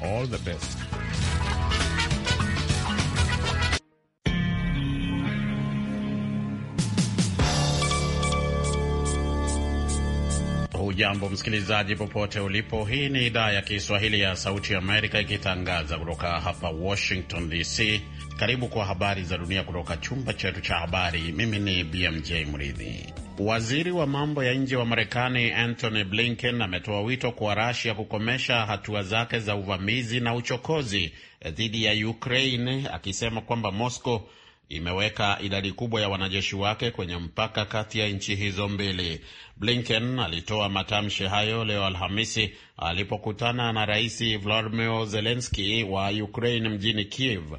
all the best. Hujambo msikilizaji, popote ulipo. Hii ni idhaa ya Kiswahili ya Sauti Amerika ikitangaza kutoka hapa Washington DC. Karibu kwa habari za dunia kutoka chumba chetu cha habari. Mimi ni BMJ Mridhi. Waziri wa mambo ya nje wa Marekani Antony Blinken ametoa wito kwa Rasia kukomesha hatua zake za uvamizi na uchokozi dhidi ya Ukraine, akisema kwamba Moscow imeweka idadi kubwa ya wanajeshi wake kwenye mpaka kati ya nchi hizo mbili. Blinken alitoa matamshi hayo leo Alhamisi alipokutana na Rais Vladimir zelenski wa Ukraine mjini Kiev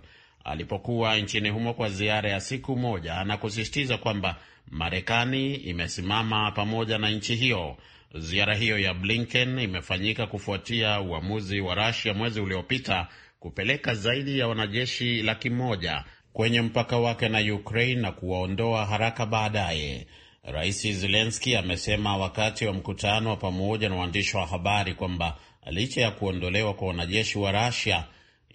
alipokuwa nchini humo kwa ziara ya siku moja na kusisitiza kwamba Marekani imesimama pamoja na nchi hiyo. Ziara hiyo ya Blinken imefanyika kufuatia uamuzi wa rasia mwezi uliopita kupeleka zaidi ya wanajeshi laki moja kwenye mpaka wake na Ukraine na kuwaondoa haraka baadaye. Rais zelenski amesema wakati wa mkutano wa pamoja na waandishi wa habari kwamba licha ya kuondolewa kwa wanajeshi wa rasia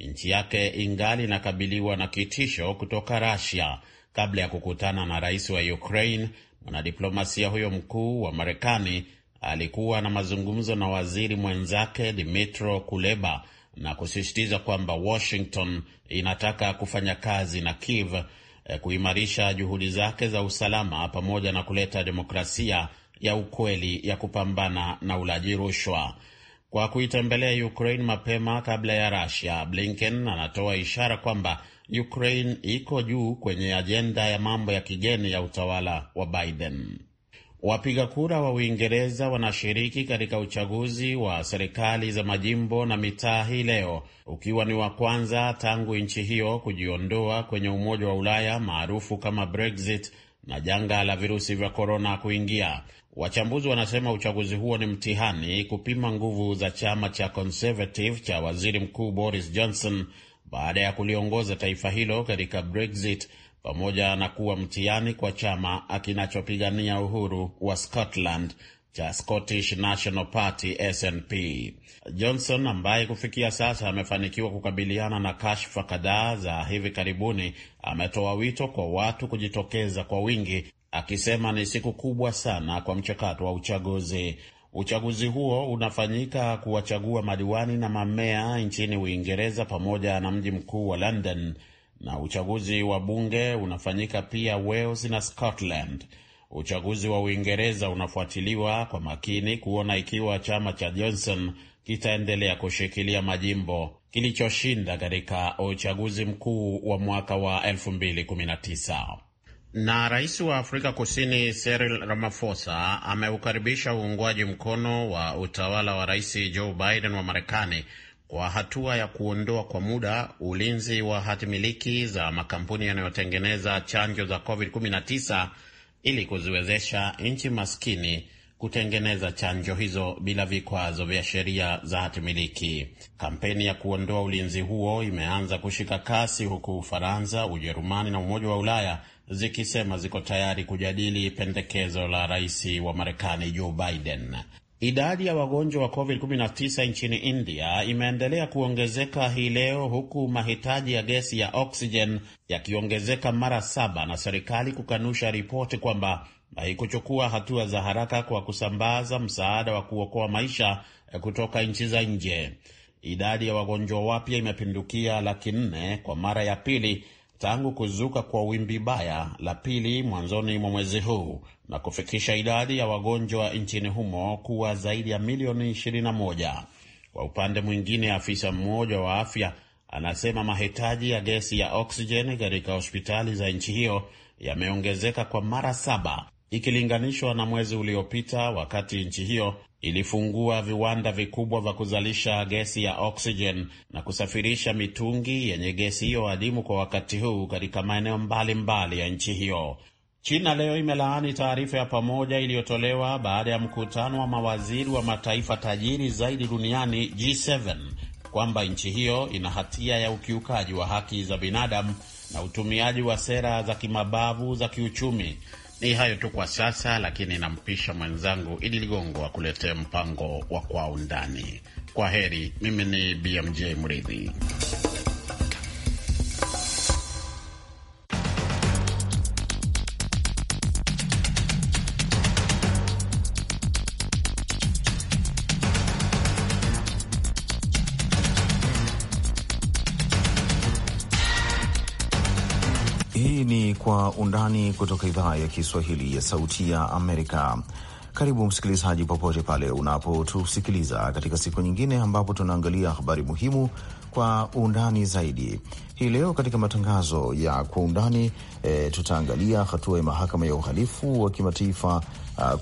nchi yake ingali inakabiliwa na kitisho kutoka rasia kabla ya kukutana na rais wa Ukraine. Mwanadiplomasia huyo mkuu wa Marekani alikuwa na mazungumzo na waziri mwenzake Dmytro Kuleba na kusisitiza kwamba Washington inataka kufanya kazi na Kiev eh, kuimarisha juhudi zake za usalama pamoja na kuleta demokrasia ya ukweli ya kupambana na ulaji rushwa. Kwa kuitembelea Ukraine mapema kabla ya Russia, Blinken anatoa ishara kwamba Ukraine iko juu kwenye ajenda ya mambo ya kigeni ya utawala wa Biden. Wapiga kura wa Uingereza wanashiriki katika uchaguzi wa serikali za majimbo na mitaa hii leo, ukiwa ni wa kwanza tangu nchi hiyo kujiondoa kwenye Umoja wa Ulaya maarufu kama Brexit na janga la virusi vya korona kuingia. Wachambuzi wanasema uchaguzi huo ni mtihani kupima nguvu za chama cha Conservative cha Waziri Mkuu Boris Johnson baada ya kuliongoza taifa hilo katika Brexit pamoja na kuwa mtihani kwa chama kinachopigania uhuru wa Scotland cha Scottish National Party SNP. Johnson ambaye kufikia sasa amefanikiwa kukabiliana na kashfa kadhaa za hivi karibuni, ametoa wito kwa watu kujitokeza kwa wingi, akisema ni siku kubwa sana kwa mchakato wa uchaguzi. Uchaguzi huo unafanyika kuwachagua madiwani na mamea nchini Uingereza pamoja na mji mkuu wa London, na uchaguzi wa bunge unafanyika pia Wales na Scotland. Uchaguzi wa Uingereza unafuatiliwa kwa makini kuona ikiwa chama cha Johnson kitaendelea kushikilia majimbo kilichoshinda katika uchaguzi mkuu wa mwaka wa 2019. Na rais wa Afrika Kusini Cyril Ramaphosa ameukaribisha uungwaji mkono wa utawala wa rais Joe Biden wa Marekani kwa hatua ya kuondoa kwa muda ulinzi wa hatimiliki za makampuni yanayotengeneza chanjo za COVID-19 ili kuziwezesha nchi maskini kutengeneza chanjo hizo bila vikwazo vya sheria za hatimiliki. Kampeni ya kuondoa ulinzi huo imeanza kushika kasi huku Ufaransa, Ujerumani na Umoja wa Ulaya zikisema ziko tayari kujadili pendekezo la rais wa Marekani Joe Biden. Idadi ya wagonjwa wa COVID-19 nchini India imeendelea kuongezeka hii leo huku mahitaji ya gesi ya oksijen yakiongezeka mara saba na serikali kukanusha ripoti kwamba haikuchukua hatua za haraka kwa kusambaza msaada wa kuokoa maisha kutoka nchi za nje. Idadi ya wagonjwa wapya imepindukia laki nne kwa mara ya pili tangu kuzuka kwa wimbi baya la pili mwanzoni mwa mwezi huu na kufikisha idadi ya wagonjwa nchini humo kuwa zaidi ya milioni 21. Kwa upande mwingine, afisa mmoja wa afya anasema mahitaji ya gesi ya oksijeni katika hospitali za nchi hiyo yameongezeka kwa mara saba ikilinganishwa na mwezi uliopita, wakati nchi hiyo ilifungua viwanda vikubwa vya kuzalisha gesi ya oksijeni na kusafirisha mitungi yenye gesi hiyo adimu kwa wakati huu katika maeneo mbalimbali ya nchi hiyo. China leo imelaani taarifa ya pamoja iliyotolewa baada ya mkutano wa mawaziri wa mataifa tajiri zaidi duniani G7 kwamba nchi hiyo ina hatia ya ukiukaji wa haki za binadamu na utumiaji wa sera za kimabavu za kiuchumi ni hayo tu kwa sasa, lakini nampisha mwenzangu Idi Ligongo akuletee mpango wa Kwa Undani. Kwa heri, mimi ni BMJ Mridhi. undani kutoka idhaa ya Kiswahili ya Sauti ya Amerika. Karibu msikilizaji, popote pale unapotusikiliza katika siku nyingine ambapo tunaangalia habari muhimu kwa undani zaidi. Hii leo katika matangazo ya kwa undani e, tutaangalia hatua ya mahakama ya uhalifu wa kimataifa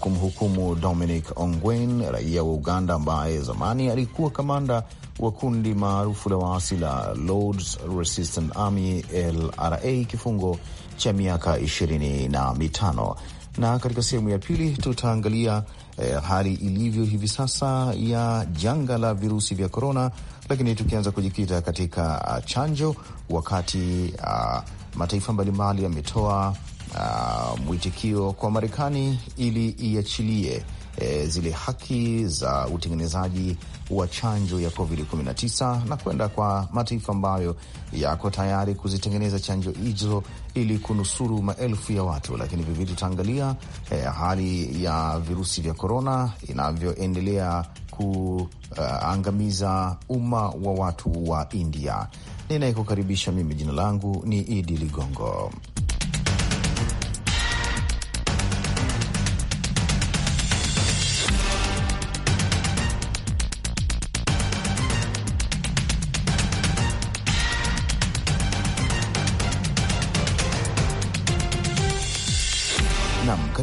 kumhukumu Dominic Ongwen, raia wa Uganda ambaye zamani alikuwa kamanda wa kundi maarufu la waasi la Lords Resistance Army LRA kifungo cha miaka ishirini na mitano na katika sehemu ya pili tutaangalia eh, hali ilivyo hivi sasa ya janga la virusi vya korona, lakini tukianza kujikita katika uh, chanjo, wakati uh, mataifa mbalimbali yametoa uh, mwitikio kwa Marekani ili iachilie eh, zile haki za utengenezaji wa chanjo ya COVID-19 na kwenda kwa mataifa ambayo yako tayari kuzitengeneza chanjo hizo ili kunusuru maelfu ya watu, lakini vilevile tutaangalia eh, hali ya virusi vya korona inavyoendelea kuangamiza uh, umma wa watu wa India. Ninayekukaribisha mimi, jina langu ni Idi Ligongo.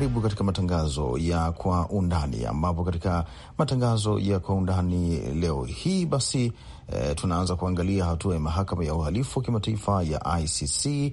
Karibu katika matangazo ya kwa undani, ambapo katika matangazo ya kwa undani leo hii basi E, tunaanza kuangalia hatua ya mahakama ya uhalifu wa kimataifa ya ICC a,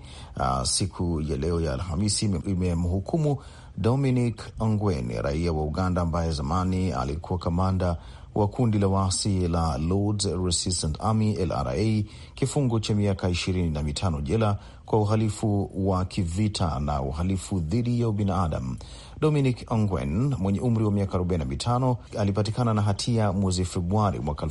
ah, siku ya leo ya Alhamisi imemhukumu Dominic Ongwen, raia wa Uganda ambaye zamani alikuwa kamanda wa kundi la waasi la Lords Resistance Army LRA kifungo cha miaka ishirini na mitano jela kwa uhalifu wa kivita na uhalifu dhidi ya ubinadamu. Dominic Ongwen mwenye umri wa miaka 45 alipatikana na hatia mwezi Februari mwaka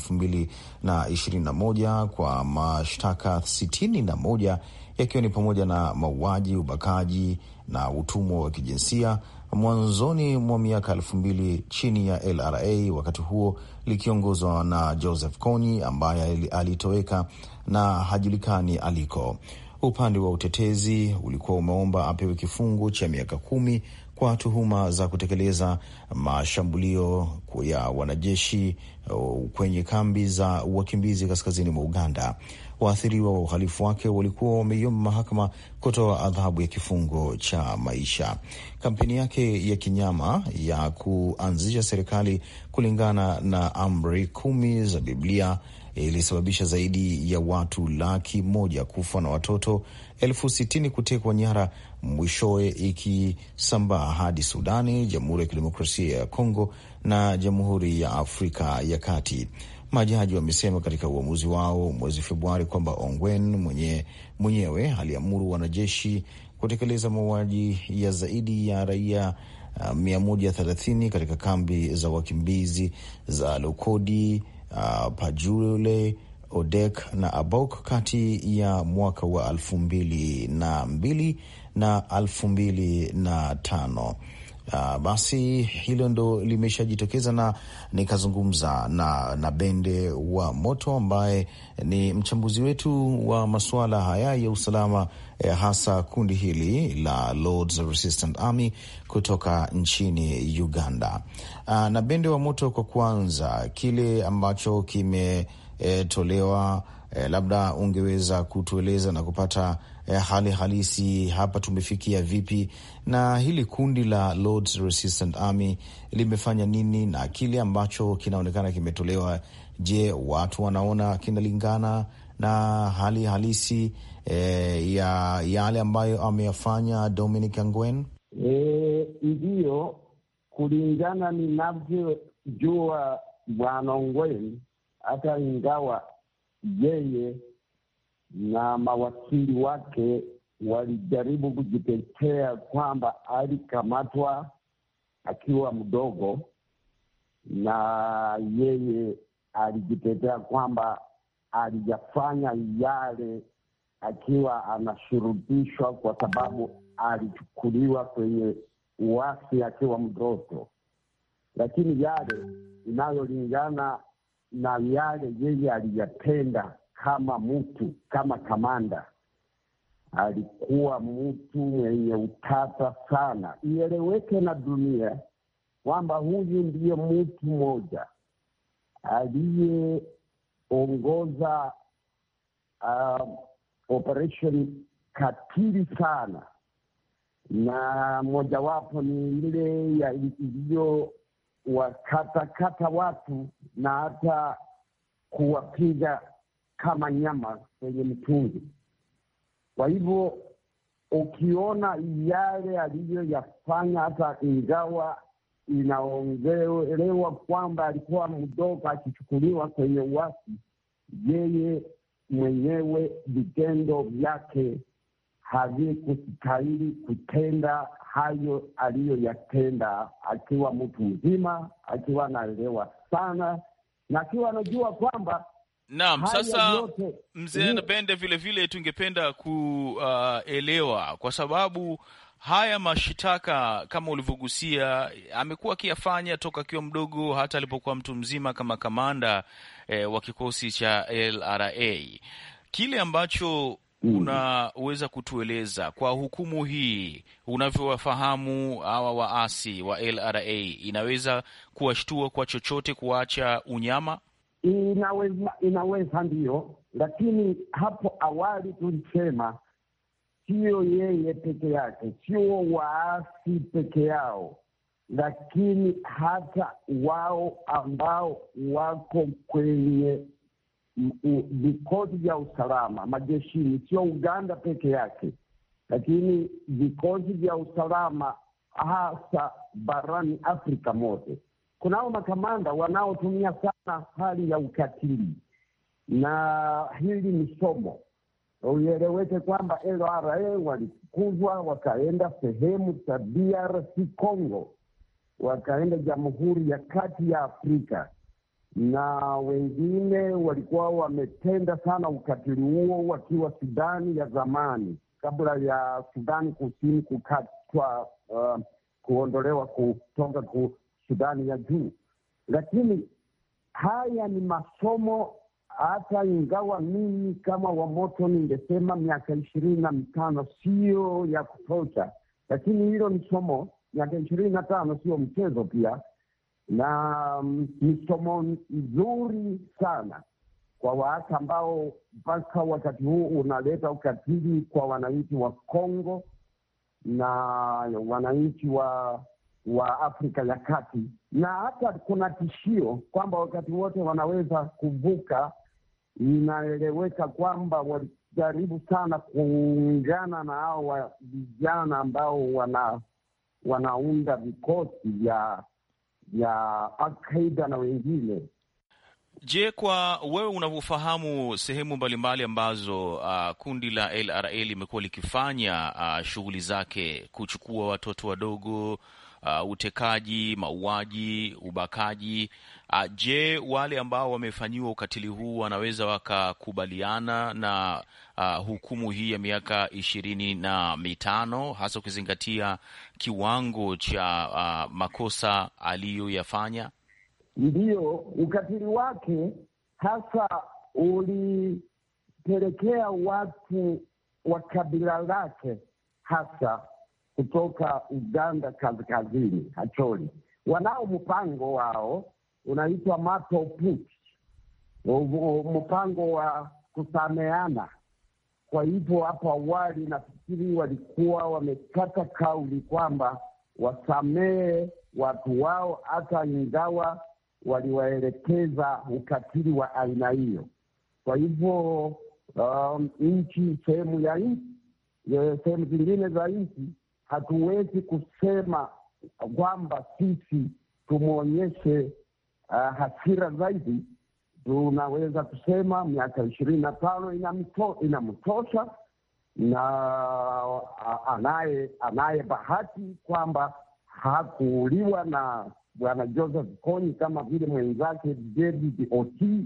2021 kwa mashtaka 61 yakiwa ni pamoja na mauaji, ubakaji na utumwa wa kijinsia mwanzoni mwa miaka elfu mbili chini ya LRA wakati huo likiongozwa na Joseph Kony ambaye alitoweka na hajulikani aliko. Upande wa utetezi ulikuwa umeomba apewe kifungo cha miaka kumi kwa tuhuma za kutekeleza mashambulio ya wanajeshi uh, kwenye kambi za wakimbizi kaskazini mwa Uganda. Waathiriwa wa uhalifu wake walikuwa wameiomba mahakama kutoa adhabu ya kifungo cha maisha. Kampeni yake ya kinyama ya kuanzisha serikali kulingana na amri kumi za Biblia ilisababisha zaidi ya watu laki moja kufa na watoto elfu sitini kutekwa nyara, mwishowe ikisambaa hadi Sudani, Jamhuri ya Kidemokrasia ya Kongo na Jamhuri ya Afrika ya Kati. Majaji wamesema katika uamuzi wao mwezi Februari kwamba Ongwen mwenye, mwenyewe aliamuru wanajeshi kutekeleza mauaji ya zaidi ya raia uh, 130 katika kambi za wakimbizi za Lokodi uh, Pajule Odek na Abok kati ya mwaka wa elfu mbili na mbili na elfu mbili na tano. Uh, basi hilo ndo limeshajitokeza na nikazungumza na, na Bende wa Moto ambaye ni mchambuzi wetu wa masuala haya ya usalama eh, hasa kundi hili la Lords Resistance Army kutoka nchini Uganda. Uh, na Bende wa Moto, kwa kwanza kile ambacho kimetolewa eh, eh, labda ungeweza kutueleza na kupata eh, hali halisi hapa tumefikia vipi, na hili kundi la Lords Resistance Army limefanya nini, na kile ambacho kinaonekana kimetolewa, je, watu wanaona kinalingana na hali halisi eh, ya yale ambayo ameyafanya Dominic Angwen? E, kulingana ninavyojua Bwana Ongwen, hata ingawa yeye na mawakili wake walijaribu kujitetea kwamba alikamatwa akiwa mdogo, na yeye alijitetea kwamba alijafanya yale akiwa anashurutishwa, kwa sababu alichukuliwa kwenye uasi akiwa mtoto, lakini yale inayolingana na yale yeye aliyatenda kama mtu kama kamanda alikuwa mtu mwenye utata sana. Ieleweke na dunia kwamba huyu ndiye mtu mmoja aliyeongoza uh, operation katili sana, na mojawapo ni ile iliyowakatakata watu na hata kuwapiga kama nyama kwenye mtungi. Kwa hivyo ukiona yale aliyoyafanya, hata ingawa inaongelewa kwamba alikuwa mdogo akichukuliwa kwenye uasi, yeye mwenyewe vitendo vyake havikustahili kutenda hayo aliyoyatenda, akiwa mtu mzima, akiwa anaelewa sana na akiwa anajua kwamba Naam, sasa mzee Nabende, vile vile tungependa kuelewa uh, kwa sababu haya mashitaka kama ulivyogusia amekuwa akiyafanya toka akiwa mdogo, hata alipokuwa mtu mzima kama kamanda eh, wa kikosi cha LRA. Kile ambacho mm. unaweza kutueleza kwa hukumu hii, unavyowafahamu hawa waasi wa LRA, inaweza kuwashtua kwa chochote, kuacha unyama? Inaweza, inaweza ndiyo, lakini hapo awali tulisema sio yeye peke yake, sio waasi peke yao, lakini hata wao ambao wako kwenye vikosi vya usalama majeshini, sio Uganda peke yake, lakini vikosi vya usalama hasa barani Afrika mote kunao makamanda wanaotumia sana hali ya ukatili, na hili ni somo uieleweke kwamba LRA walifukuzwa wakaenda sehemu za DRC Congo, wakaenda Jamhuri ya Kati ya Afrika, na wengine walikuwa wametenda sana ukatili huo wakiwa Sudani ya zamani kabla ya Sudani Kusini kukatwa uh, kuondolewa kutoka ku, Sudani ya Juu. Lakini haya ni masomo, hata ingawa mimi kama Wamoto ningesema miaka ishirini na mitano siyo ya kutosha, lakini hilo ni somo. Miaka ishirini na tano sio mchezo pia, na mm, ni somo nzuri sana kwa waasi ambao mpaka wakati huu unaleta ukatili kwa wananchi wa Kongo na wananchi wa wa Afrika ya Kati, na hata kuna tishio kwamba wakati wote wanaweza kuvuka. Inaeleweka kwamba walijaribu sana kuungana na hao vijana ambao wana wanaunda vikosi vya ya Alkaida na wengine. Je, kwa wewe unavyofahamu sehemu mbalimbali ambazo uh, kundi la LRA limekuwa likifanya uh, shughuli zake, kuchukua watoto wadogo uh, utekaji, mauaji, ubakaji. Uh, je, wale ambao wamefanyiwa ukatili huu wanaweza wakakubaliana na uh, hukumu hii ya miaka ishirini na mitano hasa ukizingatia kiwango cha uh, makosa aliyoyafanya? Ndiyo, ukatili wake hasa ulipelekea watu wa kabila lake hasa kutoka Uganda kaskazini, hacholi Wanao mpango wao unaitwa Matoput, mpango wa kusameana. Kwa hivyo hapo awali nafikiri walikuwa wamekata kauli kwamba wasamehe watu wao, hata ingawa waliwaelekeza ukatili wa aina hiyo. Kwa hivyo um, nchi sehemu ya nchi eh, sehemu zingine za nchi hatuwezi kusema kwamba sisi tumwonyeshe uh, ah, hasira zaidi. Tunaweza kusema miaka ishirini na tano inamtosha, na anaye anaye bahati kwamba hakuuliwa na bwana Joseph Kony kama vile mwenzake David Oti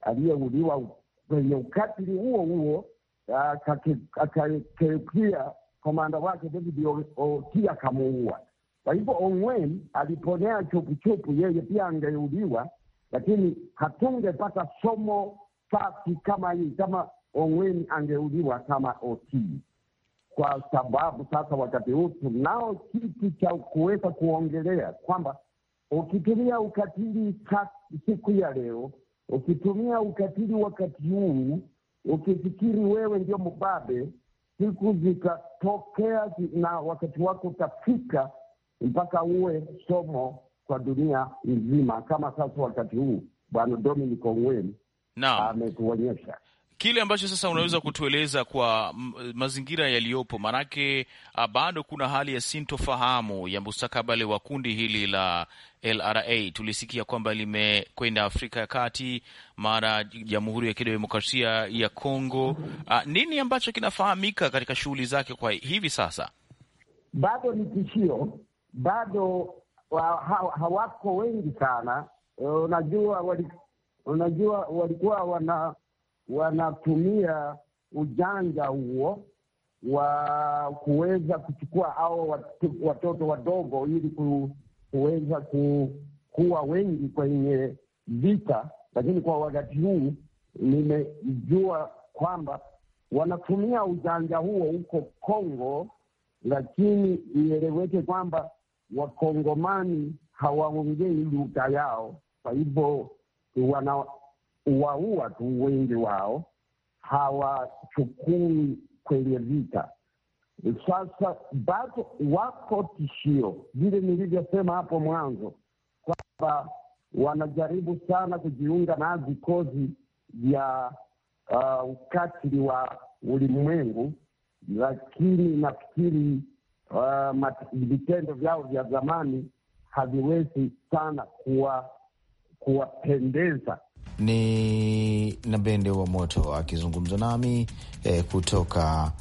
aliyeuliwa kwenye ukatili huo huo ah, akakeukia komanda wake David Otia akamuua. Kwa hivyo Ongwen aliponea chupuchupu, yeye pia angeuliwa, lakini hatungepata somo safi kama hii kama Ongwen angeuliwa kama otii kwa sababu sasa wakati huu tunao kitu cha kuweza kuongelea kwamba ukitumia ukatili siku ya leo, ukitumia ukatili wakati huu, ukifikiri wewe ndio mbabe siku zitatokea na wakati wako utafika mpaka uwe somo kwa dunia nzima, kama sasa wakati huu Bwana Dominic Ongwen ametuonyesha kile ambacho sasa unaweza kutueleza kwa mazingira yaliyopo, maanake ah, bado kuna hali ya sintofahamu ya mustakabali wa kundi hili la LRA. Tulisikia kwamba limekwenda Afrika ya Kati, mara Jamhuri ya Kidemokrasia ya Kongo. A, ah, nini ambacho kinafahamika katika shughuli zake kwa hivi sasa? Bado ni tishio, bado hawako wengi sana. Eh, unajua wali, unajua walikuwa wana wanatumia ujanja huo wa kuweza kuchukua hao watoto wadogo ili kuweza kuwa wengi kwenye vita, lakini kwa wakati huu nimejua kwamba wanatumia ujanja huo huko Kongo, lakini ieleweke kwamba Wakongomani hawaongei lugha yao, kwa hivyo wana waua tu, wengi wao hawachukui kwenye vita. Sasa bado wako tishio, vile nilivyosema hapo mwanzo kwamba wanajaribu sana kujiunga na vikosi vya uh, ukatili wa ulimwengu, lakini nafikiri uh, vitendo vyao vya zamani haviwezi sana kuwapendeza kuwa ni Nabende wa Moto akizungumza nami e, kutoka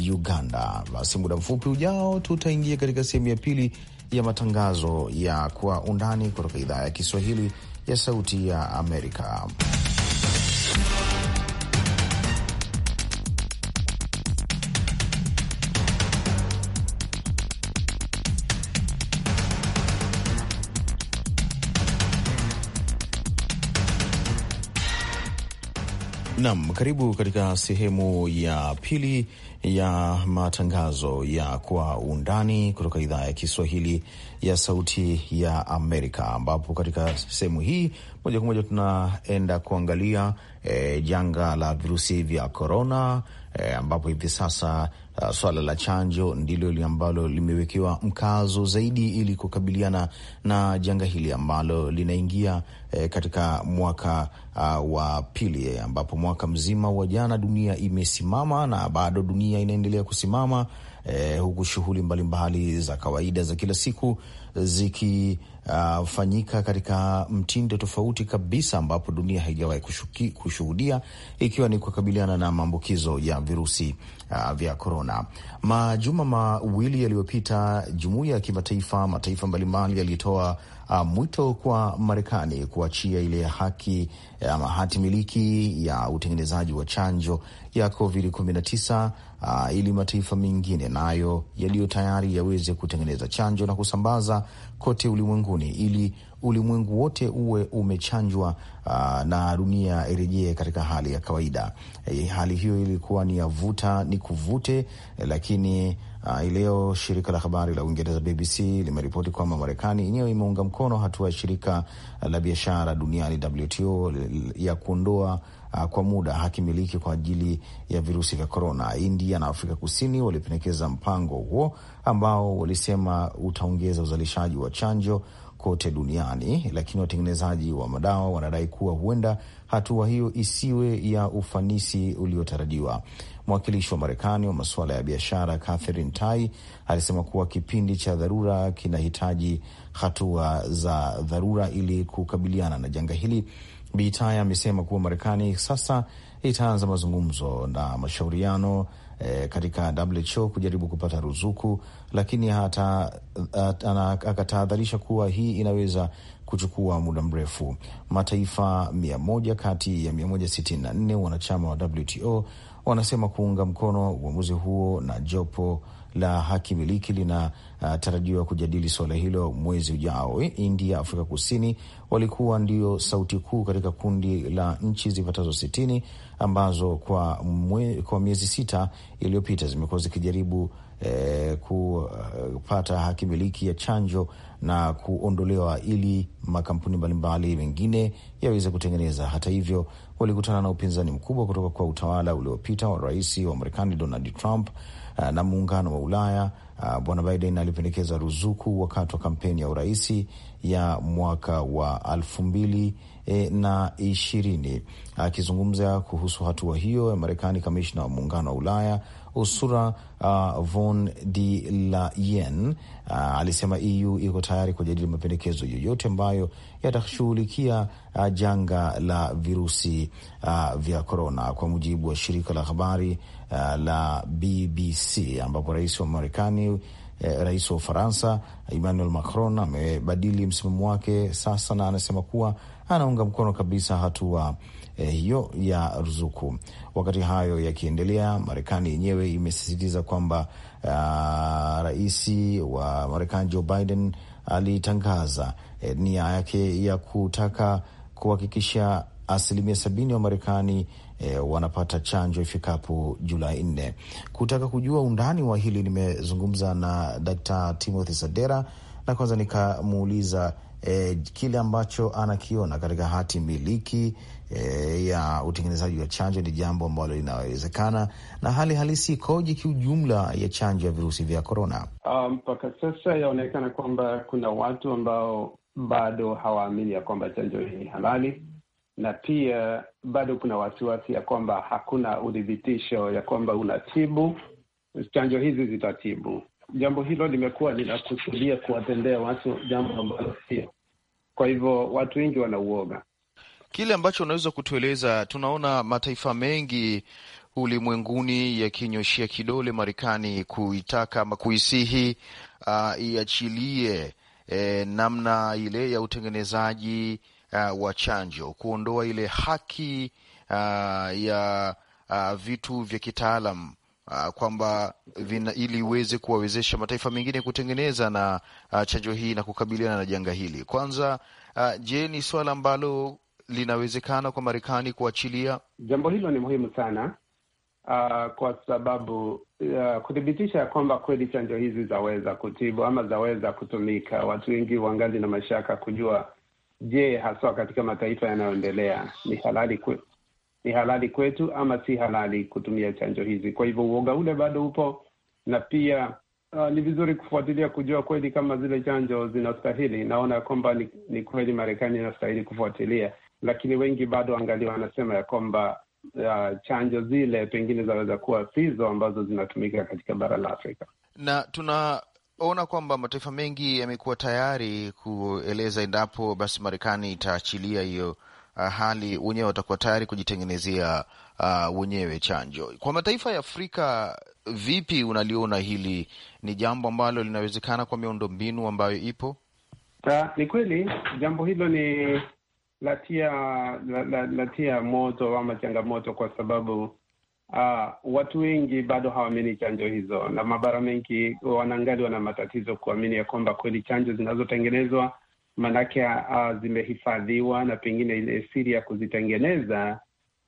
uh, Uganda. Basi muda mfupi ujao tutaingia katika sehemu ya pili ya matangazo ya Kwa Undani kutoka idhaa ya Kiswahili ya Sauti ya Amerika. Nam, karibu katika sehemu ya pili ya matangazo ya kwa undani kutoka idhaa ya Kiswahili ya Sauti ya Amerika, ambapo katika sehemu hii moja kwa moja tunaenda kuangalia e, janga la virusi vya korona e, eh, ambapo hivi sasa uh, swala la chanjo ndilo ambalo limewekewa mkazo zaidi ili kukabiliana na janga hili ambalo linaingia eh, katika mwaka uh, wa pili ambapo mwaka mzima wa jana dunia imesimama na bado dunia inaendelea kusimama eh, huku shughuli mbalimbali za kawaida za kila siku zikifanyika uh, katika mtindo tofauti kabisa, ambapo dunia haijawahi kushuhudia, ikiwa ni kukabiliana na maambukizo ya virusi uh, vya korona. Majuma mawili yaliyopita, jumuiya ya kimataifa, mataifa mbalimbali yalitoa uh, mwito kwa Marekani kuachia ile haki ama hati miliki ya utengenezaji wa chanjo ya Covid 19 uh, ah, ili mataifa mengine nayo yaliyo tayari yaweze kutengeneza chanjo na kusambaza kote ulimwenguni ili ulimwengu wote uwe umechanjwa uh, na dunia irejee katika hali ya kawaida. E, hali hiyo ilikuwa ni ya vuta ni kuvute, lakini Uh, leo shirika la habari la Uingereza BBC limeripoti kwamba Marekani yenyewe imeunga mkono hatua ya shirika la biashara duniani WTO ya kuondoa uh, kwa muda haki miliki kwa ajili ya virusi vya korona. India na Afrika Kusini walipendekeza mpango huo ambao walisema utaongeza uzalishaji wa chanjo kote duniani, lakini watengenezaji wa madawa wanadai kuwa huenda hatua hiyo isiwe ya ufanisi uliotarajiwa. Mwakilishi wa Marekani wa masuala ya biashara Catherine Tai alisema kuwa kipindi cha dharura kinahitaji hatua za dharura ili kukabiliana na janga hili. Bitaya amesema kuwa Marekani sasa itaanza mazungumzo na mashauriano e, katika WHO kujaribu kupata ruzuku, lakini hata akatahadharisha kuwa hii inaweza kuchukua muda mrefu. Mataifa mia moja kati ya 164 wanachama wa WTO wanasema kuunga mkono uamuzi huo na jopo la haki miliki linatarajiwa uh, kujadili suala hilo mwezi ujao. India, Afrika Kusini walikuwa ndio sauti kuu katika kundi la nchi zipatazo sitini ambazo kwa, mwe, kwa miezi sita iliyopita zimekuwa zikijaribu eh, kupata haki miliki ya chanjo na kuondolewa ili makampuni mbalimbali mengine yaweze kutengeneza. Hata hivyo, walikutana na upinzani mkubwa kutoka kwa utawala uliopita wa rais wa Marekani Donald Trump Ah, na muungano wa Ulaya. Ah, Bwana Biden alipendekeza ruzuku wakati wa kampeni ya uraisi ya mwaka wa elfu mbili e, na ishirini. Akizungumza kuhusu hatua hiyo ya Marekani, kamishna wa muungano wa Ulaya Ursula uh, von der Leyen uh, alisema EU iko tayari kujadili mapendekezo yoyote ambayo yatashughulikia uh, janga la virusi uh, vya korona. Kwa mujibu wa shirika la habari Eh, la BBC ambapo rais wa Marekani eh, rais wa Ufaransa Emmanuel Macron amebadili msimamo wake sasa, na anasema kuwa anaunga mkono kabisa hatua eh, hiyo eh, ya ruzuku. Wakati hayo yakiendelea, Marekani yenyewe imesisitiza kwamba uh, rais wa Marekani Joe Biden alitangaza eh, nia yake ya kutaka kuhakikisha asilimia sabini wa Marekani e, wanapata chanjo ifikapo Julai nne. Kutaka kujua undani wa hili nimezungumza na Dkt. Timothy Sadera na kwanza nikamuuliza e, kile ambacho anakiona katika hati miliki e, ya utengenezaji wa chanjo ni jambo ambalo linawezekana, na hali halisi ikoje kiujumla ya chanjo ya virusi vya korona? Ah, mpaka um, sasa yaonekana kwamba kuna watu ambao bado hawaamini ya kwamba chanjo hii ni halali na pia bado kuna wasiwasi ya kwamba hakuna udhibitisho ya kwamba unatibu chanjo hizi zitatibu. Jambo hilo limekuwa linakusudia kuwatendea watu jambo ambalo sio. Kwa hivyo watu wengi wanauoga. Kile ambacho unaweza kutueleza, tunaona mataifa mengi ulimwenguni yakinyoshia kidole Marekani kuitaka ama kuisihi uh, iachilie eh, namna ile ya utengenezaji uh, wa chanjo, kuondoa ile haki uh, ya uh, vitu vya kitaalam uh, kwamba ili iweze kuwawezesha mataifa mengine kutengeneza na uh, chanjo hii na kukabiliana na janga hili. Kwanza uh, je, ni swala ambalo linawezekana kwa Marekani kuachilia jambo hilo? Ni muhimu sana uh, kwa sababu uh, kuthibitisha kwamba kweli chanjo hizi zaweza kutibu ama zaweza kutumika. Watu wengi wangali na mashaka kujua Je, haswa katika mataifa yanayoendelea ni halali kwetu, ni halali kwetu ama si halali kutumia chanjo hizi? Kwa hivyo uoga ule bado upo, na pia uh, ni vizuri kufuatilia kujua kweli kama zile chanjo zinastahili. Naona kwamba ni, ni kweli Marekani inastahili kufuatilia, lakini wengi bado angalia wanasema ya kwamba uh, chanjo zile pengine zinaweza kuwa sizo ambazo zinatumika katika bara la Afrika na tuna ona kwamba mataifa mengi yamekuwa tayari kueleza endapo basi Marekani itaachilia hiyo uh, hali, wenyewe watakuwa tayari kujitengenezea uh, wenyewe chanjo. Kwa mataifa ya Afrika, vipi unaliona hili? Ni jambo ambalo linawezekana kwa miundo mbinu ambayo ipo? Ta, ah, ni kweli jambo hilo ni latia, latia moto ama changamoto, kwa sababu Uh, watu wengi bado hawaamini chanjo hizo, na mabara mengi wanangali wana matatizo kuamini ya kwamba kweli chanjo zinazotengenezwa maanake uh, ah, zimehifadhiwa na pengine ile siri ya kuzitengeneza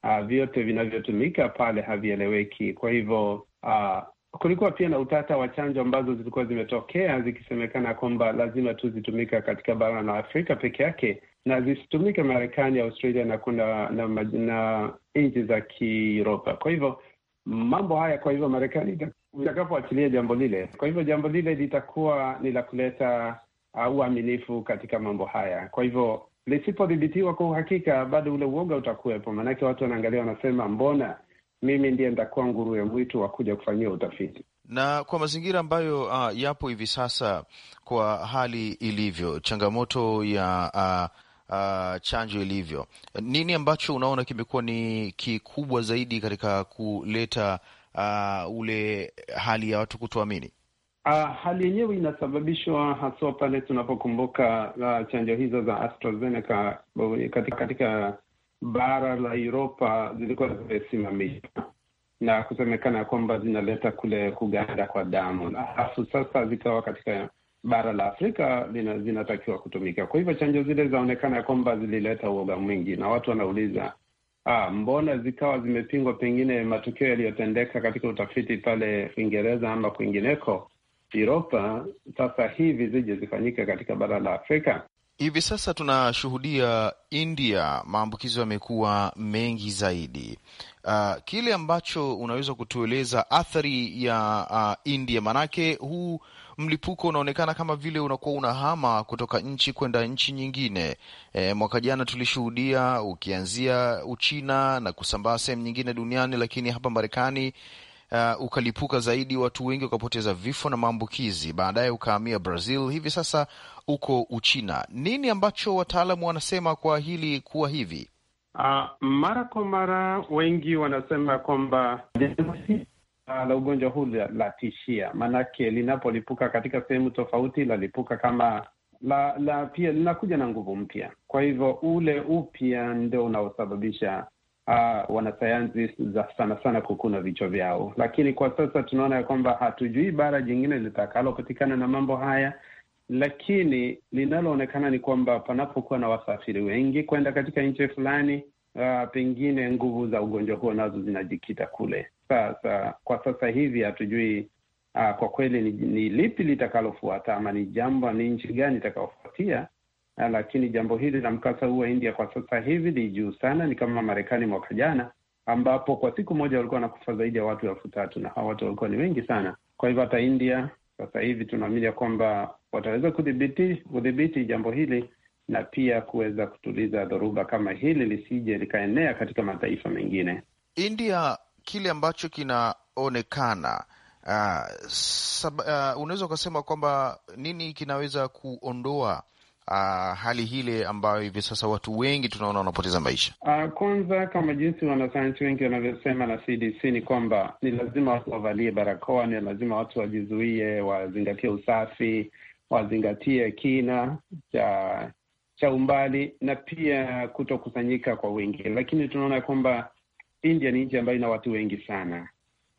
uh, vyote vinavyotumika pale havieleweki. Kwa hivyo uh, kulikuwa pia na utata wa chanjo ambazo zilikuwa zimetokea zikisemekana kwamba lazima tu zitumika katika bara la Afrika peke yake na zisitumike Marekani, Australia na kuna na, na, na nchi za Kiuropa. Kwa hivyo mambo haya, kwa hivyo Marekani itakapoachilia jambo lile, kwa hivyo jambo lile litakuwa ni la kuleta uh, uaminifu katika mambo haya. Kwa hivyo lisipodhibitiwa kwa uhakika, bado ule uoga utakuwepo, maanake watu wanaangalia, wanasema mbona mimi ndiye nitakuwa nguruwe mwitu wa kuja kufanyia utafiti na kwa mazingira ambayo uh, yapo hivi sasa, kwa hali ilivyo changamoto ya uh, uh, chanjo ilivyo, nini ambacho unaona kimekuwa ni kikubwa zaidi katika kuleta uh, ule hali ya watu kutoamini? Uh, hali yenyewe inasababishwa haswa pale tunapokumbuka uh, chanjo hizo za AstraZeneca uh, katika, katika bara la Uropa zilikuwa zimesimamishwa na kusemekana kwamba zinaleta kule kuganda kwa damu, alafu sasa zikawa katika bara la Afrika zinatakiwa kutumika. Kwa hivyo chanjo zile zinaonekana ya kwamba zilileta uoga mwingi, na watu wanauliza ah, mbona zikawa zimepingwa pengine matukio yaliyotendeka katika utafiti pale Uingereza ama kwingineko Uropa, sasa hivi zije zifanyike katika bara la Afrika. Hivi sasa tunashuhudia India, maambukizo yamekuwa mengi zaidi. Uh, kile ambacho unaweza kutueleza athari ya uh, India, maanake huu mlipuko unaonekana kama vile unakuwa unahama kutoka nchi kwenda nchi nyingine. E, mwaka jana tulishuhudia ukianzia Uchina na kusambaa sehemu nyingine duniani, lakini hapa Marekani uh, ukalipuka zaidi, watu wengi wakapoteza vifo na maambukizi, baadaye ukahamia Brazil, hivi sasa uko Uchina. Nini ambacho wataalamu wanasema kwa hili kuwa hivi? Uh, mara kwa mara wengi wanasema kwamba ah, la ugonjwa huu latishia, maanake linapolipuka katika sehemu tofauti lalipuka kama la, la pia linakuja na nguvu mpya. Kwa hivyo ule upya ndio unaosababisha uh, wanasayansi za sana sana kukuna vichwa vyao, lakini kwa sasa tunaona ya kwamba hatujui bara jingine litakalopatikana na mambo haya, lakini linaloonekana ni kwamba panapokuwa na wasafiri wengi kwenda katika nchi fulani, uh, pengine nguvu za ugonjwa huo nazo zinajikita kule. Sasa kwa sasa hivi hatujui uh, kwa kweli ni, ni lipi litakalofuata ama ni jambo, ni nchi gani itakaofuatia Ah, lakini jambo hili la mkasa huu wa India kwa sasa hivi ni juu sana. Ni kama Marekani mwaka jana, ambapo kwa siku moja walikuwa wanakufa zaidi ya watu elfu tatu na hawa watu walikuwa ni wengi sana. Kwa hivyo hata India sasa hivi tunaamini ya kwamba wataweza kudhibiti kudhibiti jambo hili na pia kuweza kutuliza dhoruba kama hili lisije likaenea katika mataifa mengine. India, kile ambacho kinaonekana uh, uh, unaweza ukasema kwamba nini kinaweza kuondoa uh, hali hile ambayo hivi sasa watu wengi tunaona wanapoteza maisha? Uh, kwanza kama jinsi wanasayansi wengi wanavyosema na CDC ni kwamba ni lazima watu wavalie barakoa, ni lazima watu wajizuie, wazingatie usafi, wazingatie kina cha cha umbali na pia kutokusanyika kwa wingi, lakini tunaona kwamba India ni nchi ambayo ina watu wengi sana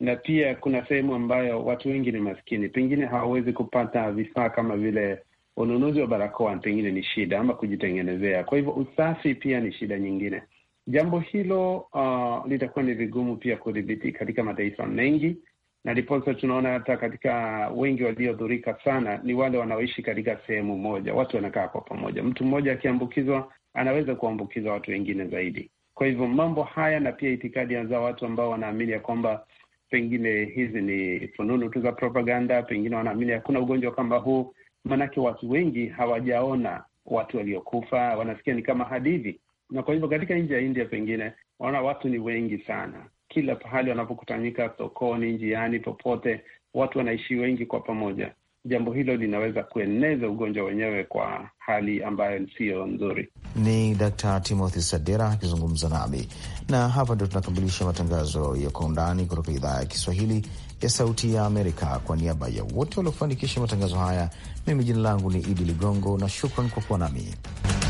na pia kuna sehemu ambayo watu wengi ni maskini, pengine hawawezi kupata vifaa kama vile ununuzi wa barakoa pengine ni shida ama kujitengenezea. Kwa hivyo usafi pia ni shida nyingine. Jambo hilo uh, litakuwa ni vigumu pia kudhibiti katika mataifa mengi, na ndiposa tunaona hata katika wengi waliodhurika sana ni wale wanaoishi katika sehemu moja, watu wanakaa kwa pamoja. Mtu mmoja akiambukizwa anaweza kuambukiza watu wengine zaidi. Kwa hivyo mambo haya na pia itikadi za watu ambao wanaamini ya kwamba pengine hizi ni fununu tu za propaganda, pengine wanaamini hakuna ugonjwa kama huu maanake watu wengi hawajaona watu waliokufa, wanasikia ni kama hadithi. Na kwa hivyo katika nchi ya India pengine wanaona watu ni wengi sana, kila pahali wanapokutanyika sokoni, njiani, popote, watu wanaishi wengi kwa pamoja. Jambo hilo linaweza kueneza ugonjwa wenyewe kwa hali ambayo siyo nzuri. Ni Dkt. Timothy Sadera akizungumza nami, na hapa ndio tunakamilisha matangazo ya Kwa Undani kutoka idhaa ya Kiswahili ya Sauti ya Amerika. Kwa niaba ya wote waliofanikisha matangazo haya, mimi jina langu ni Idi Ligongo na shukran kwa kuwa nami.